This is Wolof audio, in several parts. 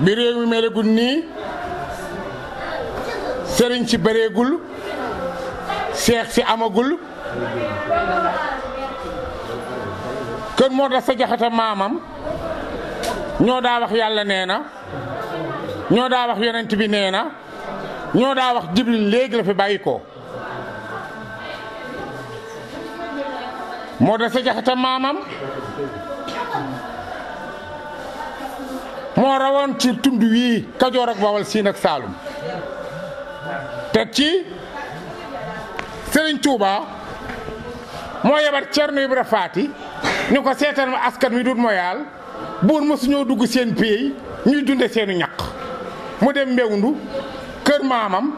bi réew mi melegul nii sëriñ si bëreegul seex si amagul kër moo tax sa jaxata maamam ñoo daa wax yàlla nee na ñoo daa wax yonent bi nee na ñoo daa wax jibril léegi la fi bàyyi ko moo tax sa jaxata maamam moo rawoon ci tund wii Kajoor ak Bawol Siin ak Saalum teg ci Serigne Touba moo yebat Cerno Ibra Faati ni ko seetal ma askan wi du moyaal buur mësuñoo dugg seen péey ñuy dunde seenu ñaq mu dem mbewndu kër maamam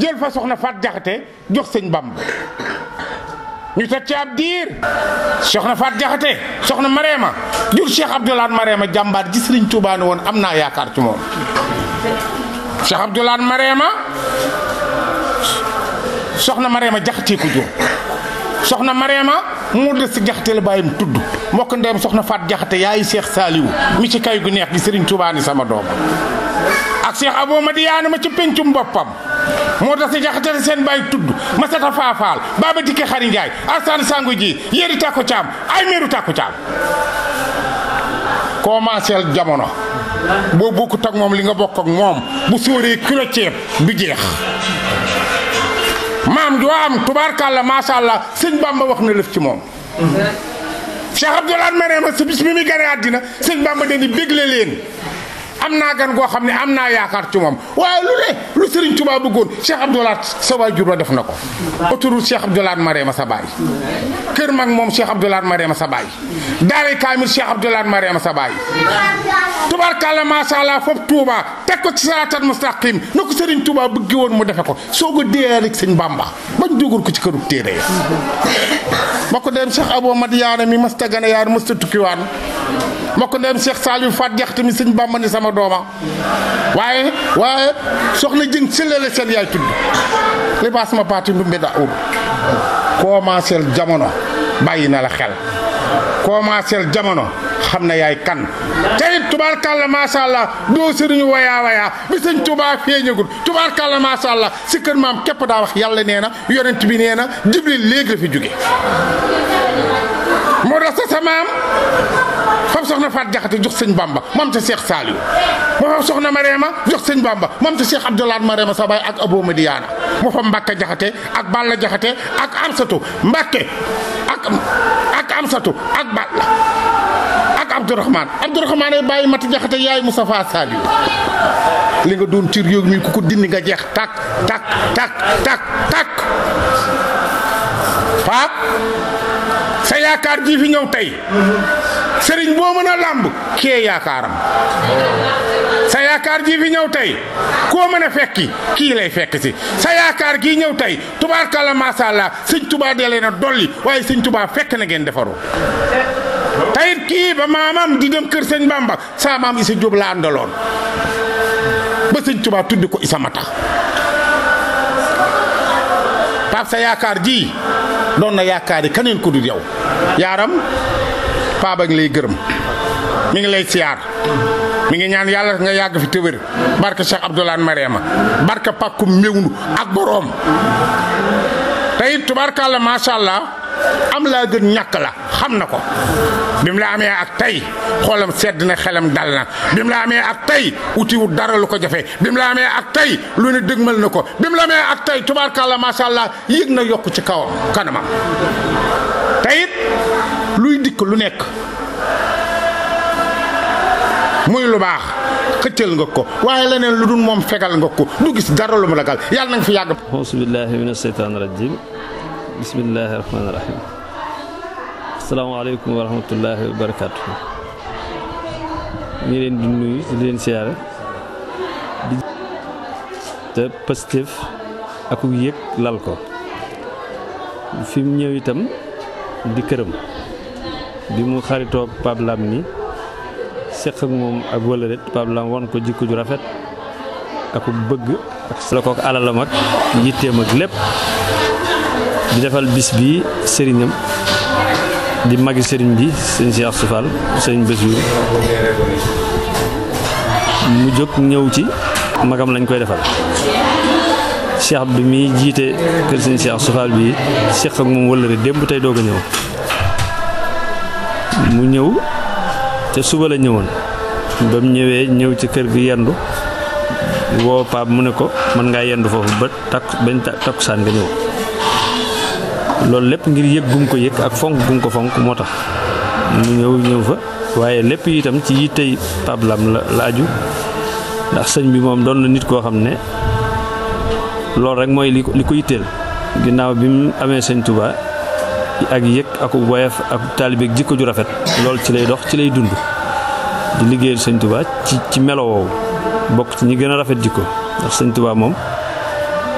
jël fa soxna Fat Jaxate jox sëñ Bamb ñu te ci ab diir soxna Fat Jaxate soxna Mareema jur Cheikh Abdoulaye Marema jàmbaar ji Sëriñ Tuubaa woon am naa yaakaar ci moom Cheikh Abdoulaye Marema soxna Marema jaxatee ko jur soxna Marema moo def si jaxate la bàyyam tudd mbokk ndeem soxna Faat jaxate yaayu seex Saliou mi ci kay gu neex gi Sëriñ Tuubaa ni sama doom ak Cheikh Abou Madiane ma ci pencum boppam moo tax si jaxatale seen bàyyi tudd Masata Faafaal Baba Dikke Xari Njaay Arsane Sango ji yéeri tàkko caam ay meeru tàkko caam commenceel jamono boo bokkut ak moom li nga bokk moom bu sóoree kilo ceeb du jeex maam joo am tubaarkàlla macha allah sëñ Bamba wax na lëf ci moom. Cheikh Abdoulaye Mariama sa bis bi muy gane àddina sëñ Bamba dañuy bégle leen. am naa gan goo xam ne am naa yaakaar ci moom waaye lu ne lu Serigne Touba bëggoon Cheikh Abdou Lahad sa def na ko. autoroute Cheikh Abdou Lahad Mariama sa baay. kër mag moom Cheikh Abdou Lahad Mariama sa baay. daare kaamil Cheikh Abdou Lahad Mariama sa baay. tubaarkàlla foofu Touba teg ko ci saraatal mustaqim na ko Serigne Touba bëgg woon mu defe ko soo ko dee rek sëñ dugal ko ci këru téere ya mbokk dem Cheikh Abou Madiane mi mës gane yaar mës ta tukkiwaan mbokk dem Cheikh Saliou Fat Jaxte mi sëñ Bàmba sama dooma waaye waaye soxna jëng sëlale seen yaay tudd li ma paati ndumbe da ub commencé jamono bàyyi na la xel commencé jamono xam na yaay kan te it tubaarkàlla macha allah doo sëriñu wayaa wayaa bi sëñ tubaa feeñagul tubaarkàlla macha allah si maam képp daa wax yàlla nee na yonent bi nee na jibril léegi la fi jóge moo tax sa sa maam fam soxna Faat Jaxate jox sëñ Bamba moom ta Seex Saaliw moo fam soxna Mareema jox sëñ Bamba moom ta Seex Abdoulaat Mareema sa baay ak Aboo Madiyaana moo fa Mbacke Jaxate ak Balla Jaxate ak Amsatu Mbacke ak ak Amsatu ak Balla ak Abdourahman Abdourahman ay bàyyi Mati Jaxate yaay Moustapha Saliou li nga doon ci réew mi ku ko dindi nga jeex tak tak tak tak tak Paap sa yaakaar ji fi ñëw tey sëriñ boo mën a làmb kee yaakaaram sa yaakaar gi fi ñew tay ko meuna fekki ki lay fekk si sa gi ñew tay tey ma sha allah sëñ tubaa de leena dolli waaye sëñ tubaa fekk na ngeen defaroo tay ki ba mamam di dem keur sëñ bamba sa mam isa job la andalon ba sëñ tubaa tuddi ko isa mata pap sa yaakaar gi non na yakari kanen ko dul yaram yaaram ba lay mu ngi lay siyaar mu ngi ñaan yàlla nga yàgg fi tëwër barke Cheikh Abdoulaye Mariama barke pàkkum mbéwnu ak boroom te it tubaarkàlla macha allah am laa gën ñàkk la xam na ko bi la amee ak tey xoolam sedd na xelam dal na bi la amee ak tey utiwu dara lu ko jafe bi mu la amee ak tey lu ne mal na ko bi mu la amee ak tey tubaarkàlla macha allah yëg na yokk ci kawam kanamam te luy dikk lu nekk. muy lu baax xëccal nga ko waaye leneen lu dul moom fegal nga ko du gis dara lu mu ragal yàlla na nga fi yàgg. auzu billaahi mina seytaani rajiim bismillaahi rahmaani rahiim asalaamaaleykum wa rahmatullaahi wa barakaatu. leen di nuyu leen siyaare te positif ak yëg lal ko fim ñëw itam di këram bi mu xaritoog Pape Lam ni séq ak moom ak wëlëre tubaab la ko jikko ju rafet ak bëgg la ko alalam ak defal bis bi sëriñam di magi sëriñ bi sëñ Cheikh Soufal sëriñ Bassirou mu jóg ñëw ci magam lañ koy defal Cheikh Abdou mi jiite kër sëñ bi séq ak moom wëlëre démb tey doog ñëw mu ñëw te suba la ñëwoon ba mu ñëwee ñëw ci kër gi yendu woo paab mu ne ko mën ngaa yendu foofu ba takk bañ takkusaan nga ñëw loolu lépp ngir yëg gum ko yëg ak fonk gum ko fonk moo tax mu ñëw ñëw fa waaye lépp itam ci yittey Pape Lam la la aju ndax sëñ bi moom doon la nit koo xam ne loolu rek mooy li ko li ko yitteel ginnaaw bi mu amee sëñ Touba ak yëg ak woyof ak taalibeeg jikko ju rafet loolu ci lay dox ci lay dund di liggéeyal sëñ Tuubaa ci ci melo woowu bokk ci ñi gën a rafet jikko ndax sëñ Tuubaa moom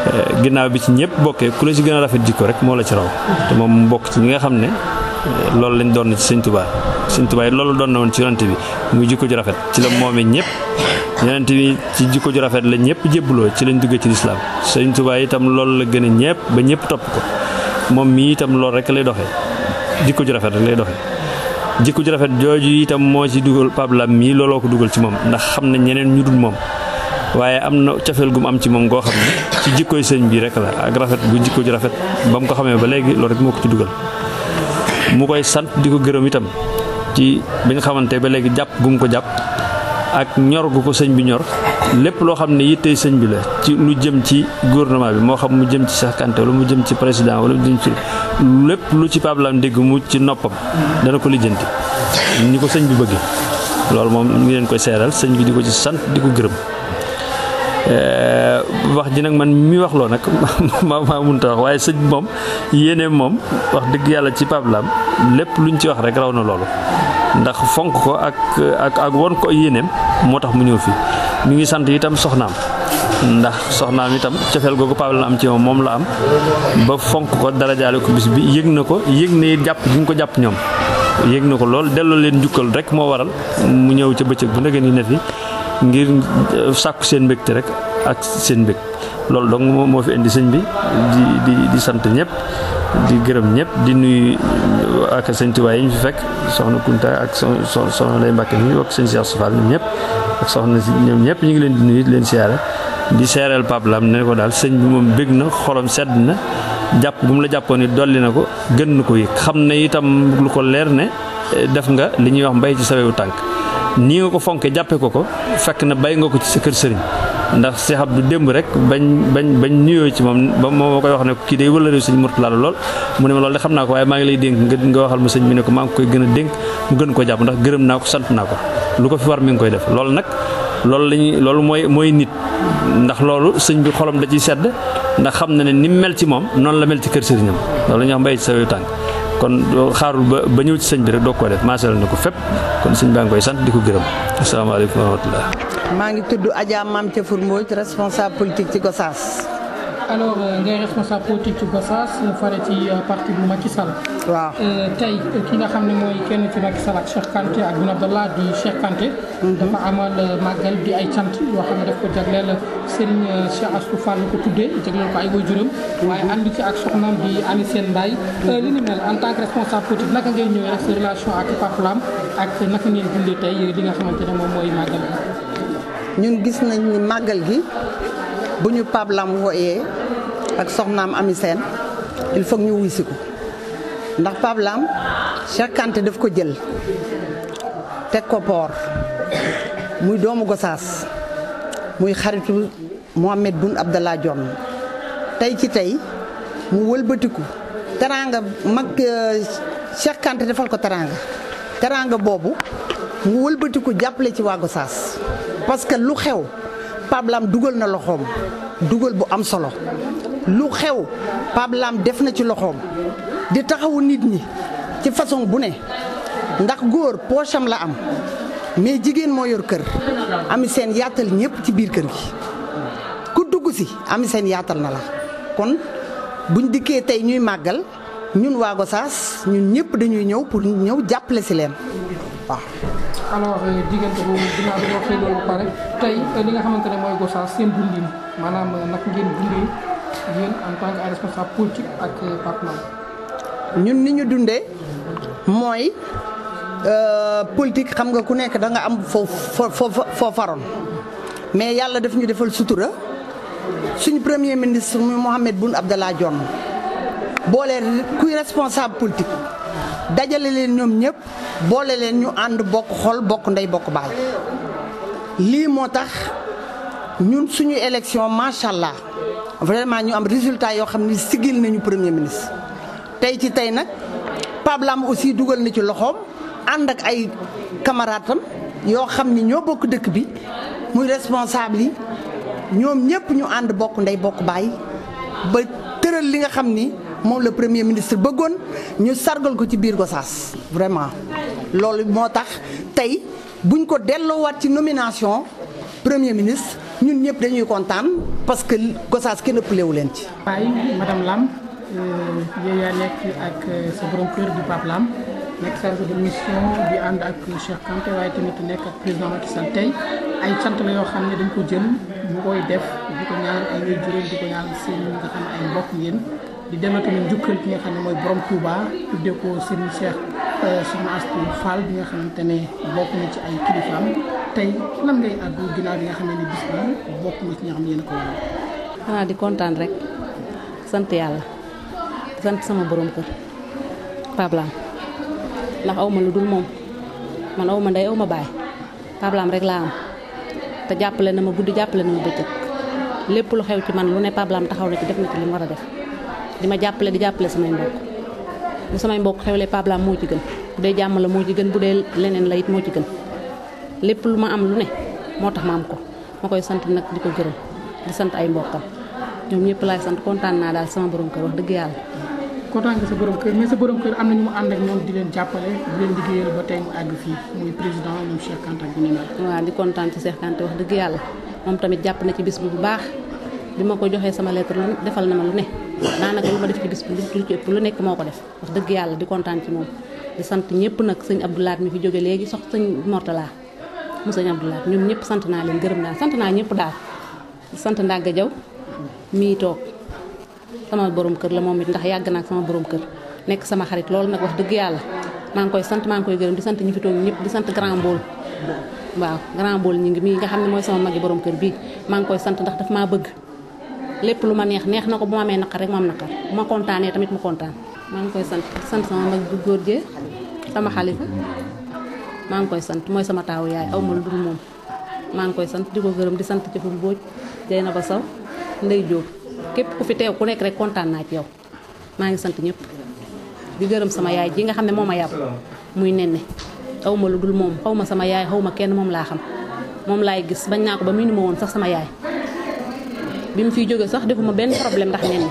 eh, ginnaaw bi ci ñëpp bokkee ku la ci gën a rafet jikko rek moo la ci raw te moom mbokk ci ñi nga xam ne eh, loolu lañ doon ci sëñ Tuubaa sëñ Tuubaa yi loolu doon na woon ci yonante bi muy jikko ju rafet ci la moomee ñëpp yonante bi ci jikko ju rafet la ñëpp jébbaloo ci lañ duggee ci lislaam sëñ Tuubaa la gën a ñëpp moom mii itam loolu rekk lay doxee jikko ju rafet rek lay doxee jikko ju rafet jooju itam moo ci dugal Pape Lam mii looloo ko dugal ci moom ndax xam na ñeneen ñu dul moom waaye am na cofeel gu mu am ci moom goo xam ne ci jikkoy sëñ bi rek la ak rafet bu jikko ju rafet ba mu ko xamee ba léegi lool rek moo ko ci dugal mu koy sant di ko gërëm itam ci bi nga xamante ba léegi jàpp gu mu ko jàpp ak ñor gu ko señ bi ñor lepp lo xamne ne señ bi la ci lu jëm ci gouvernement bi mo xam mu jëm ci Cheikh Kanté lu mu jëm ci président wala jëm ci lepp lu ci pablam dégg mu ci noppam dana ko lijeenti ni ko señ bi bëgg lool mom ngi leen koy séral señ bi diko ci sant di ko gërëm eh, wax di nak man mi wax lo nak ma ma munta wax waye señ mom yene mom wax deug yalla ci pablam lepp luñ ci wax rek raw na loolu ndax fonk ko ak ak ak won ko yéeneem moo tax mu ñëw fii mi ngi sant itam soxnaam ndax soxnaam itam cofeel googu Pape la am ci moom moom la am ba fonk ko darajaale ko bis bi yëg na ko yëg ne jàpp gi ñu ko jàpp ñoom yëg na ko lool delloo leen njukkal rek moo waral mu ñëw ca bëccëg bu ndege ni ne fi ngir eh, sàkk seen mbégte rek ak seen mbég loolu donc moo fi indi sëñ bi di di sant ñëpp di gërëm ñëpp di nuyu ak sëñ Tuubaa yi ñu fi fekk soxna Kunta ak soxna Lay Mbàkke mi ak sëñ Cheikh Sofal ñoom ñëpp ak soxna si ñoom ñëpp ñu ngi leen di nuyu di leen siyaare di seereel Pape Lam ne ko daal sëñ bi moom bégg na xolam sedd na jàpp bu mu la jàppoon it dolli na ko gën na ko yëg xam na itam lu ko leer ne eh, def nga li ñuy wax mbay ci sawewu tànk nii nga ko fonke jàppe ko ko fekk na bay nga ko ci sa kër sëriñ ndax Cheikh Abdou démb rek bañ bañ bañ nuyoo ci moom ba moom moo koy wax ne kii day wëlëre sëñ Mourtala lool mu ne ma loolu de xam naa ko waaye maa ngi lay dénk nga nga waxal ma sëñ bi ne ko maa koy gën a dénk mu gën ko jàpp ndax gërëm naa ko sant naa ko lu ko fi war ngi koy def loolu nag loolu lañuy loolu mooy mooy nit ndax loolu sëñ bi xolam da ciy sedd ndax xam na ne ni mel ci moom noonu la mel ci kër sëriñam loolu la ñuy mbay sa yu tànk kon xaarul ba ba ñëw ci sëñ bi rek doo ko def maasal na ko fépp kon sëñ baa ngi koy sant di ko gërëm asalaamaaleykum wa rahmatullah maa ngi tudd Adja Mame Thiafour Mbodj responsable politique ci Gossas. alors euh, ngay responsable politique ci Gossas mu euh, fare ci euh, parti bu Macky Sall. waaw tey ki nga xam ne mooy kenn ci Macky Sall ak Cheikh Kanté ak Boun Abdallah di Cheikh Kanté. Mhm. dafa amal màggal di ay chant yoo xam ne def ko jagleel Serigne Cheikh Astou Fall ko tuddee jagleel ko ay waajuram. Mhm. waaye ànd ci ak soxnaam di Ami Sène Mbaye. Mhm. li ni mel en que responsable politique naka ngay ñëwee rek sa relation ak Pape Lam ak naka ngeen dundee tey li nga xamante moom mooy màggal ñun gis nañ ni màggal gi bu ñu Pape Lam wooyee ak soxnaam Ami Sène il faut ñu wuysi ndax Pape Lam Cheikh daf ko jël teg ko poor muy doomu Gosaas muy xaritu Mohamed Boun Abdallah Dionne tey ci tey mu wëlbatiku teraanga mag euh, Cheikh Kanté defal ko teraanga teraanga boobu mu wëlbatiku jàppale ci waa Gosaas parce que lu xew Pape dugal na loxoom dugal bu am solo lu xew Pape def na ci loxoom di taxawu nit ñi ci façon bu ne ndax góor poche la am mais jigéen moo yor kër ami seen yaatal ñëpp ci biir kër gi ku dugg si ami seen yaatal na la kon buñ dikkee tey ñuy màggal ñun waa Gossas ñun ñëpp dañuy ñëw pour ñëw jàppale si leen waaw alors diggante boobu ginnaaw bi waxee loolu ba pare tey li nga xamante ne mooy Gossas seen dundin maanaam nag ngeen dundee yéen en tant que ay responsable politique ak partenaire. ñun ni ñu dundee mooy politique xam nga ku nekk da nga am foo foo foo faroon mais yàlla daf ñu defal sutura suñu premier ministre muy Mohamed Boun Abdallah Dionne boole kuy responsable politique. dajale leen ñoom ñëpp boole leen ñu ànd bokk xol bokk ndey bokk baay lii moo tax ñun suñu élection macha allah vraiment ñu am résultat yoo xam ni siggil nañu premier ministre. tey ci tey nag Pape Lam aussi dugal na ci loxoom ànd ak ay camarades yoo xam ni ñoo bokk dëkk bi muy responsable yi ñoom ñëpp ñu ànd bokk ndey bokk baay ba tëral li nga xam ni. moom le premier ministre bëggoon ñu sargal ko ci bir Gossas vraiment loolu motax tay buñ ko wat ci nomination premier ministre ñun ñep dañuy contane parce que Gossas kenn ëppalewu leen ci. madame Lam euh yaa nek ak euh, sa borom cœur du Pape Lam nek chargé de mission di and ak Cheikh Kanté waaye tamit nek ak président Macky Sall tey ay sant la yoo xam dañ ko jël mu koy def di ko ñaan ay wéy juróom di ñaan seen nga xam ay mbokk yeen di delloo tamit njukkal ki nga xamne moy borom Touba tuddee ko serigne Cheikh eh, sëriñ Astu Fall bi nga xamante ne bokk na ci ay kilifam tay lan ngay addu ginaaw bi nga xamne ni bis bi bokk na ci nga xamne ne ko wala ah di contane rek sante yalla sante sama borom keur Pablam ndax awma lu dul mom man awma nday awma bay Pablam rek la am te jappale na ma guddi jappale na ma bëccëg lepp lu xew ci man lu ne Pablam taxaw na ci def na ci lim wara def dima ma di jàppale sama mbokk bu sama mbokk xewlee Pape Lam moo ci gën bu dee jàmm la mo ci gën bu dee leneen la it mo ci gën lepp lu ma am lu ne motax ma am ko makoy koy sant nag di ko di sant ay mbokkam ñom ñepp lay sant contane na dal sama borom kër wax dëgg yalla contane nga sa borom kër mais sa borom kër amna ñu mu and ak ñom di leen jàppale di leen liggéeyal ba tay mu ag fi muy président ñoom Cheikh kanta ak ñu waaw di kontaan ci Cheikh kanta wax dëgg yalla mom tamit japp na ci bis bu baax bima ko joxee sama lettre lu defal na ma lu ne daanaka lu ma def ci bis lu ci ëpp lu nekk moo ko def wax dëgg yàlla di kontaan ci moom di sant ñëpp nag sëñ Abdoulaat mi fi jóge léegi sox sëñ Mortala mu sëñ Abdoulaat ñoom ñëpp sant naa leen gërëm naa sant naa ñëpp daal sant Ndàgga Jaw mii toog sama borom kër la moom it ndax yàgg naa sama borom kër nekk sama xarit loolu nag wax dëgg yàlla maa ngi koy sant maa ngi koy gërëm di sant ñi fi toog ñëpp di sant grand bool waaw grand bool ñi ngi mii nga xam ne mooy sama magi borom kër bii maa ngi koy sant ndax daf maa bëgg lepp lu ma neex neex na ko bu ma amee naqar rek ma am naqar bu ma contané tamit mu contane ma ngi koy sant sant sama mag du góor sama khalifa ma ngi koy sant moy sama taw yaay aw ma lu dul moom maa ngi koy sant di ko di sant Jëfum Mbooj Jeyna ba Saw Ndey Jóob kep ku fi tew ku nek rek contane na ci yow ma ngi sant ñep di gëreum sama yaay ji nga xamné moma moo muy nenné aw dul mom xawma sama yaay xawma kenn mom la xam mom lay gis bañ naa ko ba mu won sax sama yaay. bi mu fiy jógee sax defuma benn problème ndax nen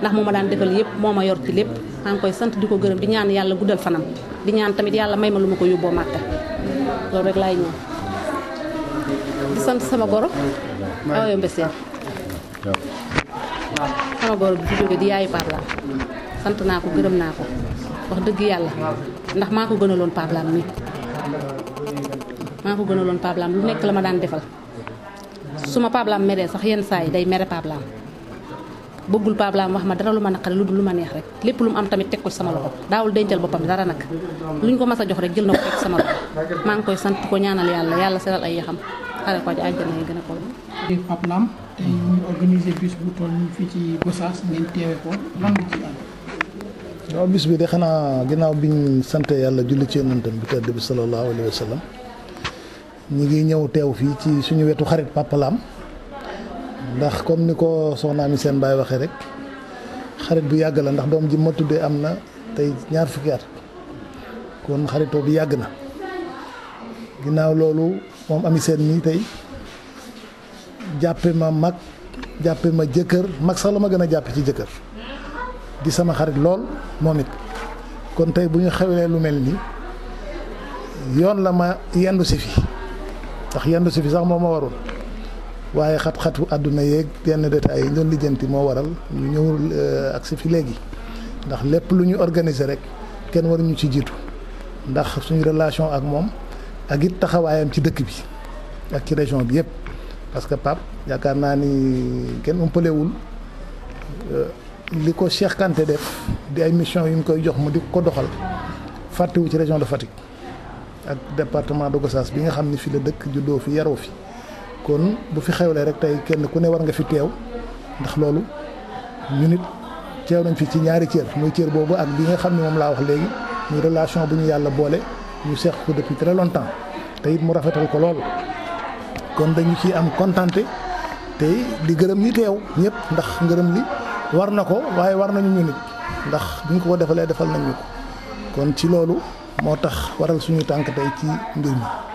ndax moo ma daan defal yëpp moo ma yor ci lépp maa koy sant di ko gërëm di ñaan yàlla guddal fanam di ñaan tamit yàlla may ma lu ma ko yóbboo màkka rek laay ñaan sama goro awayo mbeseen waaw bi fi jóge di yaayu Pape sant naa ko gërëm naa ko wax dëgg yàlla ndax maa ko gënaloon Pape Lam mi maa ko gënaloon Pape lu nekk la ma daan defal suma pablam mere sax yeen say day mere pablam bëggul pablam wax ma dara lu ma lu dul lu ma neex rek lepp lu mu am tamit tek ko sama loxo dawul dencal bopam dara nak luñ ko massa jox rek jël nako sama loxo ma ngi koy sant ko ñaanal yalla yalla seral ay xam xala ko ci àjjana yi gëna ko di pablam tay ñu organiser bis bu toll nii fii ci Gossas ngeen téwé ko lan ci am bis bi de xanaa ginnaaw biñ sante yàlla julli ci bi tedd bi sallallahu alaihi wasallam ñi ngi ñew tew fi ci suñu wetu xarit Papa Lam ndax comme niko ko soxna mi sen bay waxe rek xarit bu yàgg la ndax dom ji ma tuddé amna tay ñaar fukki at kon xaritoo bu yàgg na ginaaw om mom ami sen mii tay jappé ma mak jappé ma jëkër mak sax la gëna japp ci jëkër di sama xarit lool momit kon tay buñu xewé lu melni nii yoon la ma yendu ci fi ndax yendu si fi sax moom moo warul waaye xat-xatu àdduna yéeg yenn détails yi ñu doon lijjanti moo waral ñu ñëwul euh, ak si fi léegi ndax lépp lu ñu organiser rek kenn waruñu ci jiitu ndax suñu relation ak moom ak it taxawaayam ci dëkk bi ak ci région bi yëpp parce que Pape yaakaar naa ni kenn umpalewul euh, li ko Cheikh def di ay mission yu ñu koy jox mu di ko doxal fàttewu ci région de Fatick. ak département de Gossas bi nga xam ne fi la dëkk juddoo fi yaroo fi kon bu fi xewlee rek tey kenn ku ne war nga fi teew ndax loolu ñu nit teew nañ fi ci ñaari cër muy cër boobu ak bi nga xam ne moom laa wax léegi muy relation bu ñu yàlla boole ñu seex ko depuis très longtemps te it mu rafetal ko lool kon dañu ci am contenté tey di gërëm ñi teew ñëpp ndax ngërëm li war na ko waaye war nañu ñu nit ndax duñ ko ko defalee defal nañ ñu ko kon ci loolu moo tax waral suñu tànk tey ci mbir mi